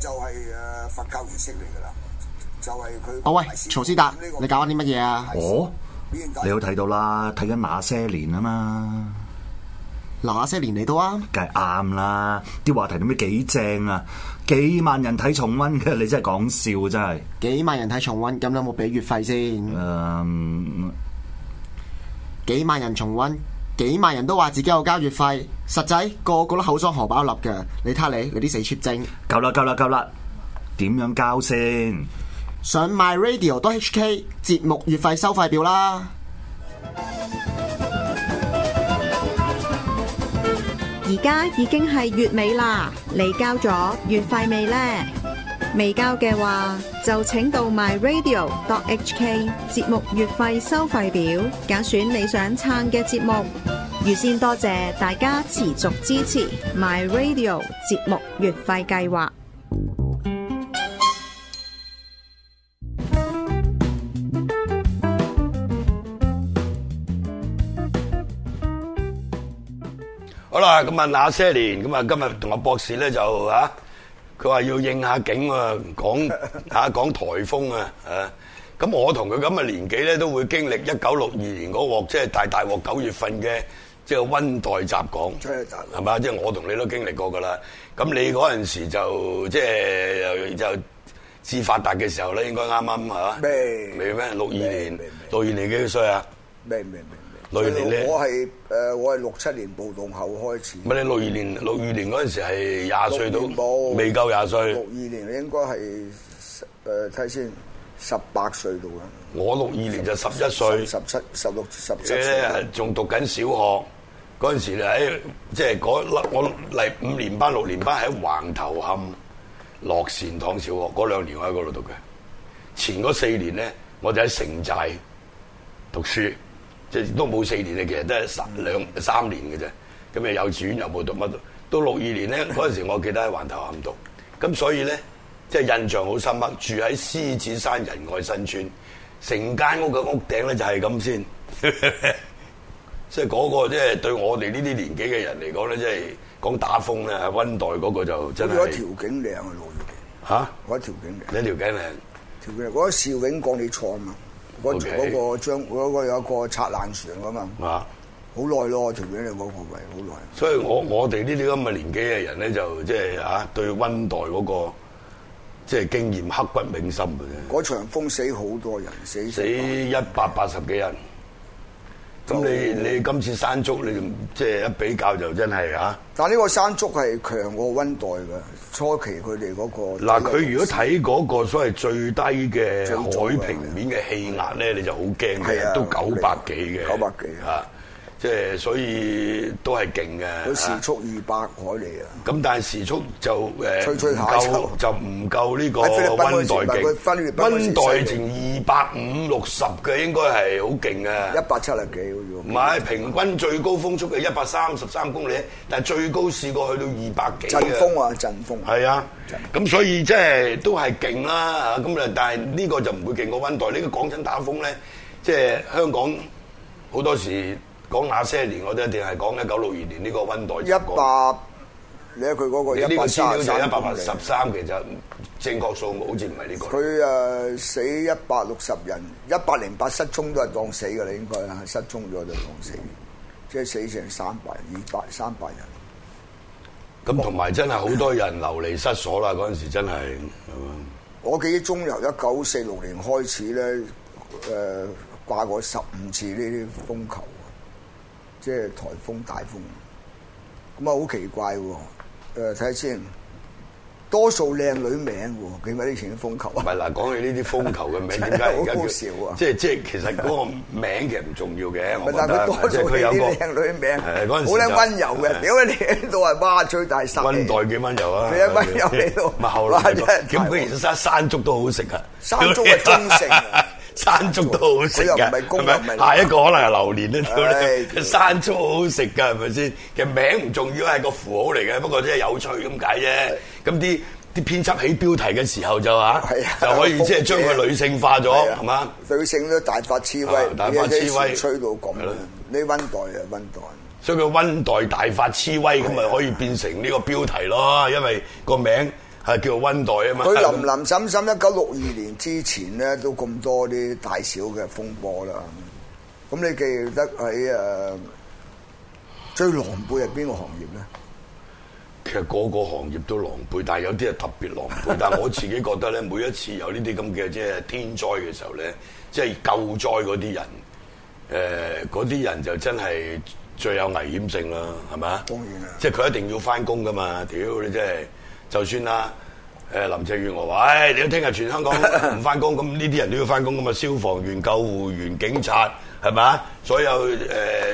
就係誒佛教儀式嚟噶啦，就係佢。哦喂，曹思達，這個、你搞緊啲乜嘢啊？哦，你好睇到都、啊、啦，睇緊那些年啊嘛，那些年嚟到梗係啱啦，啲話題都咩幾正啊？幾萬人睇重溫嘅，你真係講笑真係。幾萬人睇重溫，咁有冇俾月費先？誒，um, 幾萬人重溫。幾萬人都話自己有交月費，實際個個都口裝荷包立嘅。你睇下你你啲死出精，夠啦夠啦夠啦，點樣交先？上 myradio.hk 節目月費收費表啦。而家已經係月尾啦，你交咗月費未呢？未交嘅話就請到 myradio.hk 節目月費收費表，揀選你想撐嘅節目。預先多謝大家持續支持 My Radio 節目月費計劃。好啦，咁啊那些年，咁啊今日同阿博士咧就啊，佢話要應下景啊，講吓講颱風 啊，啊，咁我同佢咁嘅年紀咧都會經歷一九六二年嗰鑊，即係大大鑊九月份嘅。即係温代雜講，係咪？即係我同你都經歷過㗎啦。咁你嗰陣時就即係就至發達嘅時候咧，應該啱啱係嘛？明明咩？六二年，六二年幾多歲啊？明明明，六二年咧，我係誒我係六七年暴動後開始。乜你六二年？六二年嗰陣時係廿歲到，未夠廿歲。六二年應該係誒睇先十八歲到啊！我六二年就十一歲，十七、十六、十七，誒仲讀緊小學。嗰陣時咧，喺即係我嚟五年班六年班，喺橫頭磡樂善堂小學嗰兩年我喺嗰度讀嘅，前嗰四年咧，我就喺城寨讀書，即係都冇四年啊，其實都係三兩三年嘅啫。咁啊幼稚園又冇讀乜到六二年咧，嗰陣時，我記得喺橫頭磡讀。咁所以咧即係印象好深刻，住喺獅子山仁愛新村，成間屋嘅屋頂咧就係咁先。 即係嗰個即係對我哋呢啲年紀嘅人嚟講咧，即係講打風咧，温黛嗰個就真係。我條頸靚啊老爺！嚇？我條頸靚。條嗰個、你條頸靚？條頸靚。我阿邵永講你錯啊嘛！我我個有一個拆爛船啊嘛。啊、嗰個！好耐咯條頸你講我以好耐。所以我我哋呢啲咁嘅年紀嘅人咧，就即係嚇對温黛嗰、嗰個即係、就係、經驗刻骨銘心嘅。嗰場風死好多人死。死一百八十幾人。咁、嗯、你你今次山竹你即係一比較就真係嚇，但係呢個山竹係強過温黛嘅初期佢哋嗰個。嗱，佢如果睇嗰個所謂最低嘅海平面嘅氣壓咧，你就好驚嘅，係啊，都九百幾嘅。九百幾嚇。即係所以都係勁嘅，佢時速二百海里啊！咁但係時速就吹吹下就唔夠呢個温帶勁。温帶前二百五六十嘅應該係好勁啊！一百七啊幾好似。唔係是平均最高風速係一百三十三公里，但係最高試過去到二百幾嘅。陣風啊！陣風。係啊！咁風所以即係都係勁啦嚇。咁啊，但係呢個就唔會勁過温帶。呢個講真打風咧，即係香港好多時。講那些年我都一定係講一九六二年呢、呢個溫黛。一百，你睇佢嗰個一百三十三。你呢個資料就一百八十三，其實正確數目好似唔係呢個。佢誒死一百六十人，一百零八失蹤都係當死㗎啦，應該啦，失蹤咗就當死。即係死成三百人、二百三百人。咁同埋真係好多人流離失所啦！嗰陣時真係。 我記憶中由一九四六年開始咧，誒、呃、掛過十五次呢啲風球。即係颱風、大風，咁啊好奇怪喎！誒睇下先，多數靚女名喎，記唔記得以前啲風球啊？唔係嗱，講起呢啲風球嘅名，點解而家叫？即係即係，其實嗰個名其實唔重要嘅。但佢多數即係佢有個靚女名，好靚溫柔嘅。點解你喺度啊！哇，最大溫黛。溫黛幾溫柔啊！你一溫柔嚟到。咁其實山竹都好食噶，山竹係中性。山竹都好食嘅，係咪？下一個可能係榴蓮啦。山竹好食嘅係咪先？其實名唔重要，係個符號嚟嘅。不過即係有趣咁解啫。咁啲啲編輯起標題嘅時候就話啊，就可以即係將佢女性化咗，係嘛？女性都大發雌威，大發雌威，吹到咁。呢温黛啊，温黛，所以佢温黛大發雌威，咁咪可以變成呢個標題咯。因為個名。係叫温黛啊嘛！佢林林沈沈，一九六二年之前咧都咁多啲大小嘅風波啦。咁 你記得喺誒、啊、最狼狽係邊個行業咧？其實個個行業都狼狽，但係有啲係特別狼狽。 但係我自己覺得咧，每一次有呢啲咁嘅即係天災嘅時候咧，即係救災嗰啲人，誒嗰啲人就真係最有危險性啦，係咪啊？當然啦。即係佢一定要翻工噶嘛？屌你真係！就算啦，誒林鄭月娥話，誒、哎、你都聽日全香港唔翻工，咁呢啲人都要翻工，噶嘛。消防員、救護員、警察，係咪啊？所有誒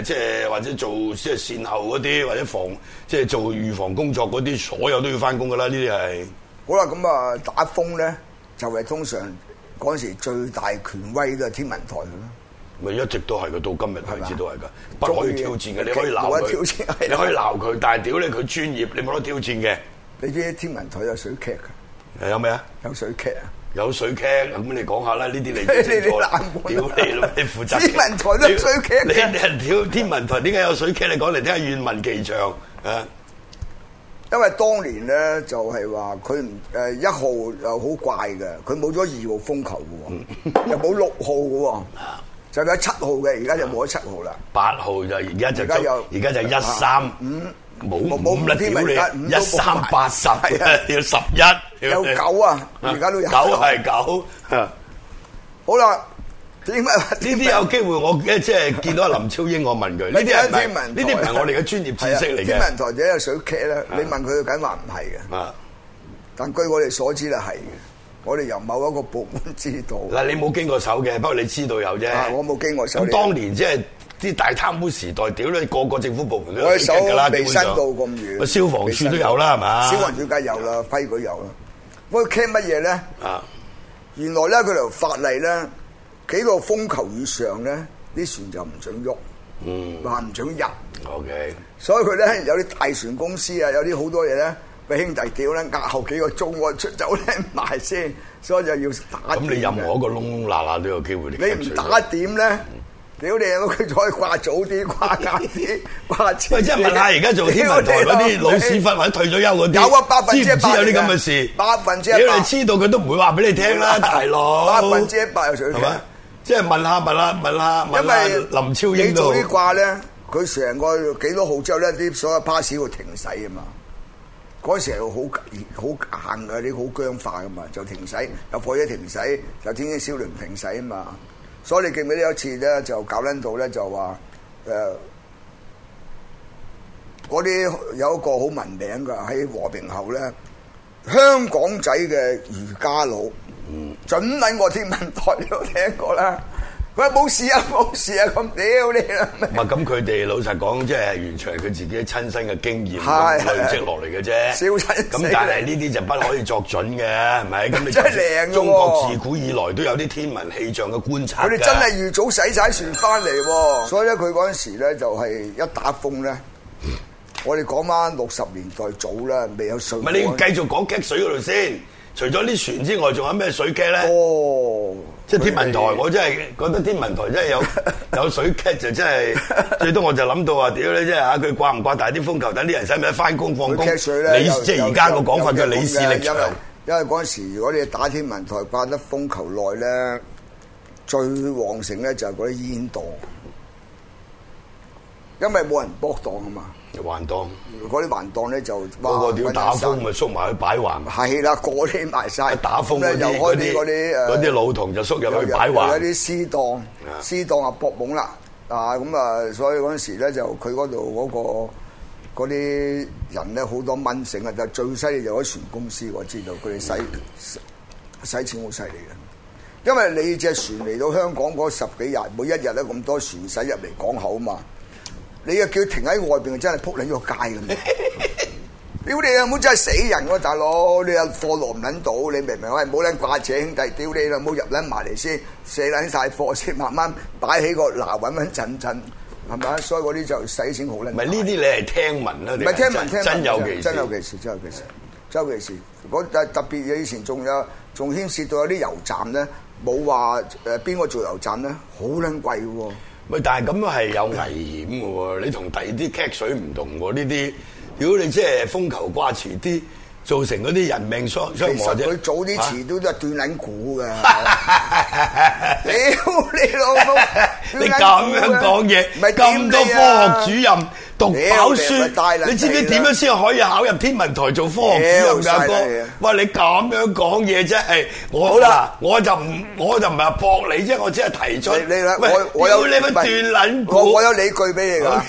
即係或者做即係、就是、善後嗰啲，或者防即係做預防工作嗰啲，所有都要翻工噶啦。呢啲係好啦，咁啊打風咧，就係、是、通常嗰陣時最大權威嘅天文台啦。咪一直都係噶，到今日開始都係噶，吧不可以挑戰嘅，你可以鬧佢，你可以鬧佢， 但係屌你佢專業，你冇得挑戰嘅。你知天文台有水劇噶？有咩啊？有水劇啊？有，有水劇咁你講下啦，呢啲 你你你你負責。天文台都水劇嘅。你啲人跳天文台點解有水劇？你講嚟聽下，願聞其詳啊！因為當年咧就係話佢唔誒一號又好怪嘅，佢冇咗二號風球嘅， 又冇六號嘅， 就變七號嘅。而家就冇咗七號啦，八號就而家就而家就一三五，冇冇啦屌你！一三八十，要十一，有九啊，而家都有九係九。啊，好啦，點解呢啲有機會？我即係見到林超英，我問佢呢啲係天文台，呢啲唔係我哋嘅專業知識嚟嘅。天文台只係水劇啦，你問佢梗話唔係嘅。啊，但據我哋所知啦，係嘅。我哋由某一個部門知道。嗱，你冇經過手嘅，不過你知道有啫。我冇經過手。咁當年即係。啲大貪污時代，屌你個個政府部門都驚㗎啦，未伸到咁遠。消防船都有啦，係嘛？消防船梗有啦，徽佢吧有啦。不過傾乜嘢咧？呢啊，原來咧佢條法例咧幾個風球以上咧，啲船就唔准喐，嗯，話唔准入。OK。所以佢咧有啲大船公司啊，有啲好多嘢咧，畀兄弟屌咧押後幾個鐘我出走咧埋先，所以就要打。咁、啊、你任何一個窿窿罅罅都有機會你。嗯、你唔打點咧？嗯嗯屌你啊！佢再掛早啲，掛晏啲，掛即係問下，而家做天文台嗰啲你老屎忽或者，退咗休有嗰啲，知唔知有啲咁嘅事？百分之百，百分之百如果你知道你，佢都唔會話俾你聽啦，大佬。百分之哥百又想點？係嘛？即係問下，問下，問下，因為林超英嗰啲掛咧，佢成個幾多號之後咧，啲所有巴士會停駛啊嘛。嗰時係好好硬㗎你好僵化㗎嘛，就停駛，有火車停駛，就天星小輪停駛啊嘛。所以你記唔記得有一次咧，就搞捻到咧，就話誒，嗰、呃、啲有一個好聞名㗎，喺和平後咧，香港仔嘅瑜伽佬，嗯，準捻我天文台都聽過啦。喂，冇事啊，冇事啊，咁屌你啊！唔係咁，佢哋老實講，即係完全係佢自己親身嘅經驗的累積落嚟嘅啫。咁但係呢啲就不可以作準嘅，係咪？ 咁你真係靚嘅！中國自古以來都有啲天文氣象嘅觀察。佢哋真係預早洗曬船翻嚟喎。 所以咧，佢嗰陣時咧就係一打風咧， 我哋講翻六十年代早啦，未有水。唔係，你要繼續講激水嗰度先。除咗啲船之外，仲有咩水劇咧？哦，即天文台，的我真係覺得天文台真係有 有水劇就真係 最多。我就諗到話，點咧，即嚇佢掛唔掛大啲風球，等啲人使唔使返工放工？即而家個講法叫李氏力場。因為，因為嗰時如果你打天文台掛得風球耐咧，最旺盛咧就係嗰啲煙道。因為冇人博檔啊嘛，環檔嗰啲環檔咧就，個個點打風咪縮埋去擺環，係啦，嗰啲埋晒，打風嗰啲，嗰啲嗰啲誒，啲老童就縮入去擺環，有啲私檔，私檔啊博懵啦，啊咁啊，所以嗰時咧就佢嗰度嗰個啲人咧好多蚊性啊，就最犀利就嗰船公司我知道，佢哋使使錢好犀利嘅，因為你隻船嚟到香港嗰十幾日，每一日都咁多船使入嚟港口啊嘛。你又叫停喺外邊，真係扑撚個街咁。屌你老母真係死人喎，大佬你有貨攞唔撚到，你明唔明？喂，冇撚掛姐兄弟，屌你老母入撚埋嚟先，卸撚曬貨先，慢慢擺起個嗱穩穩陣陣，係咪啊？所以嗰啲就使錢好撚。唔係呢啲你係聽聞啦，唔係聽聞聽聞，真有其事，真有其事，真有其事，真有其事。嗰特特別嘢，以前仲有仲牽涉到有啲油站咧，冇話誒邊個做油站咧，好撚貴喎。咪但係咁樣係有危險嘅喎，你同第二啲吸水唔同喎呢啲，如果你即係風球掛遲啲，造成嗰啲人命傷傷害啫。其實佢早啲遲、啊、都都係斷捻估嘅。屌 你老母婆！ 你咁樣講嘢，咁多科學主任。讀飽書，你知唔知點樣先可以考入天文台做科學主任？哥，喂，你咁樣講嘢啫，係我嗱，我就唔，我就唔係話駁你啫，我只係提出你啦。喂，有你份斷捻股，我有理據俾你噶。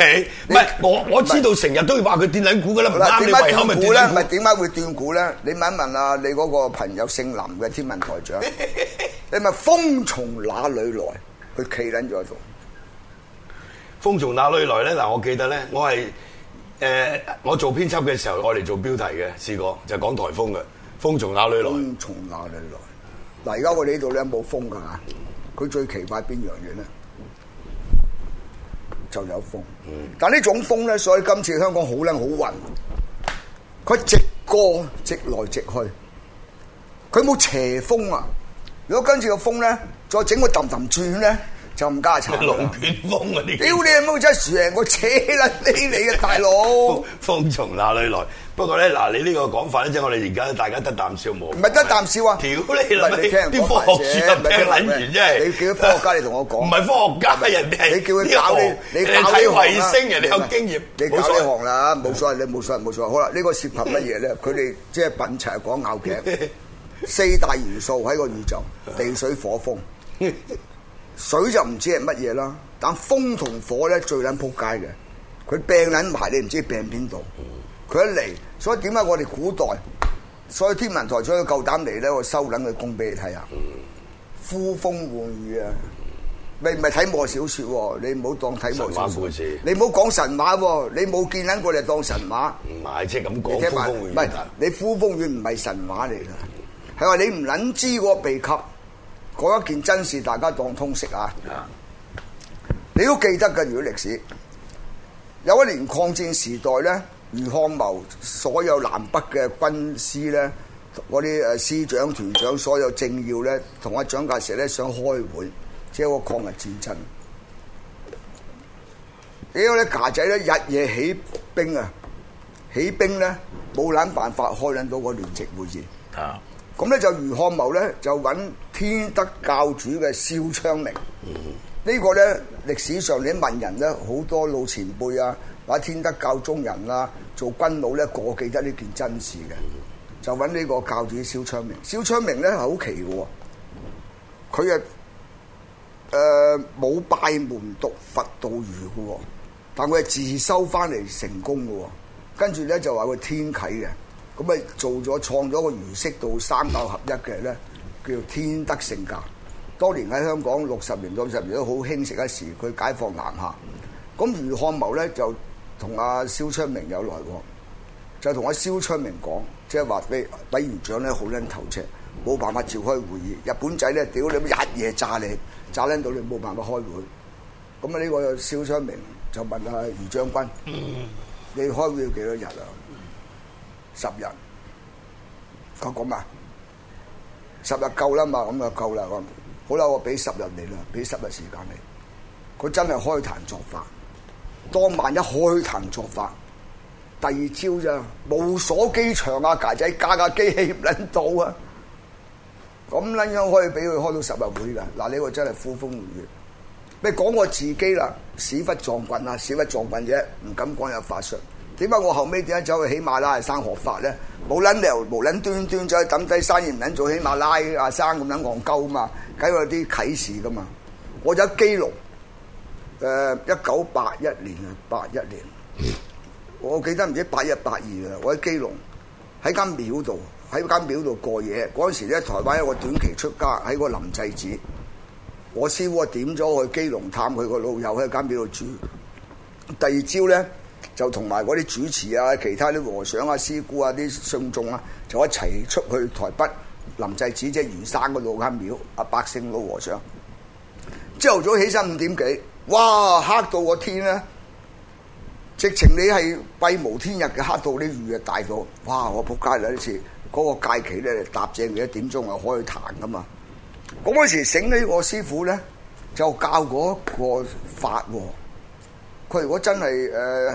唔係，我我知道成日都話佢斷捻股噶啦，唔啱你胃口咪斷股啦，咪點解會斷估咧？你問一問啊，你嗰個朋友姓林嘅天文台長，你咪風從哪裏來？佢企喺在度。風從哪裏來咧？嗱，我記得咧，我係誒，我做編輯嘅時候，我嚟做標題嘅，試過就講、係、颱風嘅，風從哪裏來，從哪裏來？嗱，而家我哋呢度咧冇風噶吓，佢最奇怪邊樣嘢咧，就有風。嗯、但呢種風咧，所以今次香港好靚好雲，佢直過直來直去，佢冇斜風啊！如果跟住個風咧，再整個凼凼轉咧。就唔加茶，龍捲風嗰啲。屌你阿媽真係我扯卵你你嘅大佬。風從哪裏來？不過咧嗱，你呢個講法咧，即係我哋而家大家得啖笑冇唔係得啖笑啊！屌你啦，啲科學知識唔係卵完真係。你叫科學家你同我講。唔係科學家，人哋係。你叫佢搞你，你睇衛星，人哋有經驗。你搞呢行啦，冇所謂，你冇所謂，冇所謂。好啦，呢個涉及乜嘢咧？佢哋即係品茶講咬頸，四大元素喺個宇宙，地水火風。水就唔知係乜嘢啦，但風同火咧，最捻扑街嘅，佢病捻埋你唔知病邊度，佢一嚟，所以點解我哋古代，所以天文台將佢夠膽嚟咧，我收捻佢供俾你睇下，呼風喚雨啊，咪咪睇魔小說喎，你唔好當睇魔。神話故事。你唔好講神話喎，你冇見捻過你當神話。唔係即係咁講。就是，你聽埋。唔係，你呼風喚雨唔係神話嚟噶，係話你唔捻知個秘笈。講一件真事，大家當通識啊！你都記得㗎，如果歷史有一年抗戰時代咧，余漢謀所有南北嘅軍師咧，嗰啲誒師長團長，所有政要咧，同阿蔣介石咧想開會，即係個抗日戰爭。點解咧？架仔咧日夜起兵啊！起兵咧冇撚辦法開攬到個聯席會議啊！咁咧就余漢謀咧就揾。天德教主嘅蕭昌明，這個、呢個咧歷史上你問人咧好多老前輩啊，或者天德教中人啦，做軍佬咧過記得呢件真事嘅，就揾呢個教主蕭昌明。蕭昌明咧係好奇嘅，佢啊誒冇拜門讀佛道儒嘅，但佢係自修翻嚟成功嘅，跟住咧就話佢天啟嘅，咁啊做咗創咗個儒釋道三教合一嘅咧。叫天德性格，當年喺香港六十年到十年都好興盛一時。佢解放南下，咁余漢謀咧就同阿蕭昌明有來往，就同阿蕭昌明講，即係話俾俾委員長咧，好撚頭赤，冇辦法召開會議。日本仔咧屌你，一夜炸你，炸撚到你冇辦法開會。咁啊呢個蕭昌明就問阿余將軍，你開會要幾多日啊？十日，佢咁講啊。十日夠啦嘛，咁就夠啦咁，好啦，我俾十日你啦，俾十日時間你。佢真係開壇作法，當晚一開壇作法，第二朝就無鎖機場啊，曱仔加架機器捻到啊，咁撚樣應該可以俾佢開到十日會㗎。嗱，呢個真係呼風喚雨。你講我自己啦，屎忽撞棍啊，屎忽撞棍啫，唔敢講有法術。點解我後尾點解走去喜馬拉雅山學法咧？冇撚料，冇撚端端，再抌低生意唔撚做喜馬拉雅山咁撚戇鳩啊嘛！解嗰啲啟示噶嘛？我喺基隆，誒一九八一年啊，八一年，我記得唔知八一八二啦。我喺基隆喺間廟度喺間廟度過夜。嗰陣時咧，台灣有個短期出家喺個林濟寺。我師傅係點咗去基隆探佢個老友喺間廟度住。第二朝咧。就同埋嗰啲主持啊、其他啲和尚啊、師姑啊啲信眾啊，就一齊出去台北臨濟寺即係圓山嗰度間廟。阿、啊、百姓老和尚朝頭早起身五點幾，哇！黑到個天咧，直情你係閉無天日嘅黑到啲雨啊大到，哇！我仆街啦！一次嗰個戒期咧，搭正一點鐘啊開壇噶嘛。嗰陣時醒起我師父咧，就教嗰個法喎。佢如果真係誒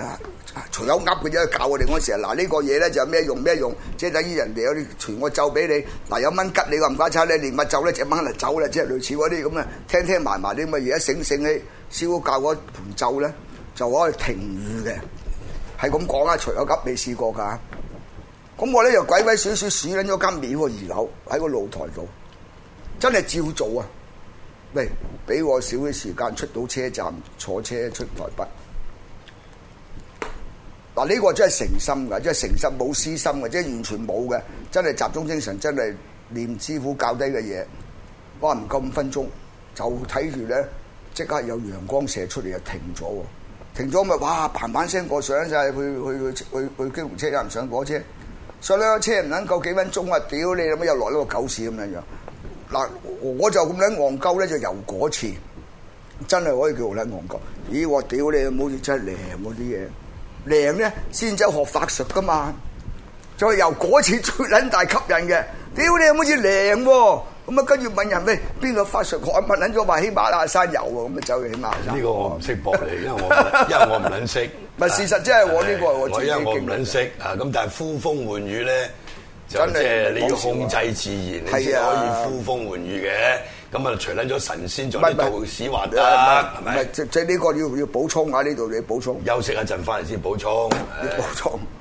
除有鴨嘅嘢教我哋嗰陣時啊，嗱呢個嘢咧就咩用咩用，即係等於人哋有啲傳個咒俾你，嗱有蚊吉你個唔關差你連乜咒咧就蚊嚟走啦，即係類似嗰啲咁啊，聽聽埋埋啲咁嘅嘢。而家醒醒你，師傅教嗰盤咒咧就可以停雨嘅，係咁講啊，除有鴨未試過㗎，咁我咧就鬼鬼祟祟鼠撚咗間廟個二樓喺個露台度，真係照做啊！喂，俾我少啲時間出到車站，坐車出台北。嗱，呢、啊，這個真係誠心噶，即係誠心冇私心嘅，即係完全冇嘅，真係集中精神，真係念師傅教低嘅嘢。哇！唔夠五分鐘就睇住咧，即刻有陽光射出嚟，又停咗，停咗咪哇，嘭嘭聲過上就係去去去去去機動車上上火車，上咗車唔肯夠幾分鐘啊！屌你咁又落咗個狗屎咁樣樣。嗱、啊，我就咁樣戇鳩咧，就由嗰次，真係可以叫好捻戇鳩。咦！我屌你，好似真係靈嗰啲嘢。涼咧先走學法術噶嘛，再由嗰次最捻大吸引嘅，屌你有冇似涼喎？咁啊跟住問人喂，邊個法術狂噴捻咗塊喜馬拉雅山油啊？咁啊走去喜馬拉雅呢個我唔識博你，因為我 因為我唔捻識。係 事實，即係我呢個是我最勁。我因為我唔捻識啊，咁但係呼風喚雨咧，就即係你要控制自然，說話 你先可以呼風喚雨嘅。 咁啊，除甩咗神仙在度，不是有道士得，係咪是？即即呢個要要補充下呢度，你補充。休息一陣，翻嚟先補充。補充。 是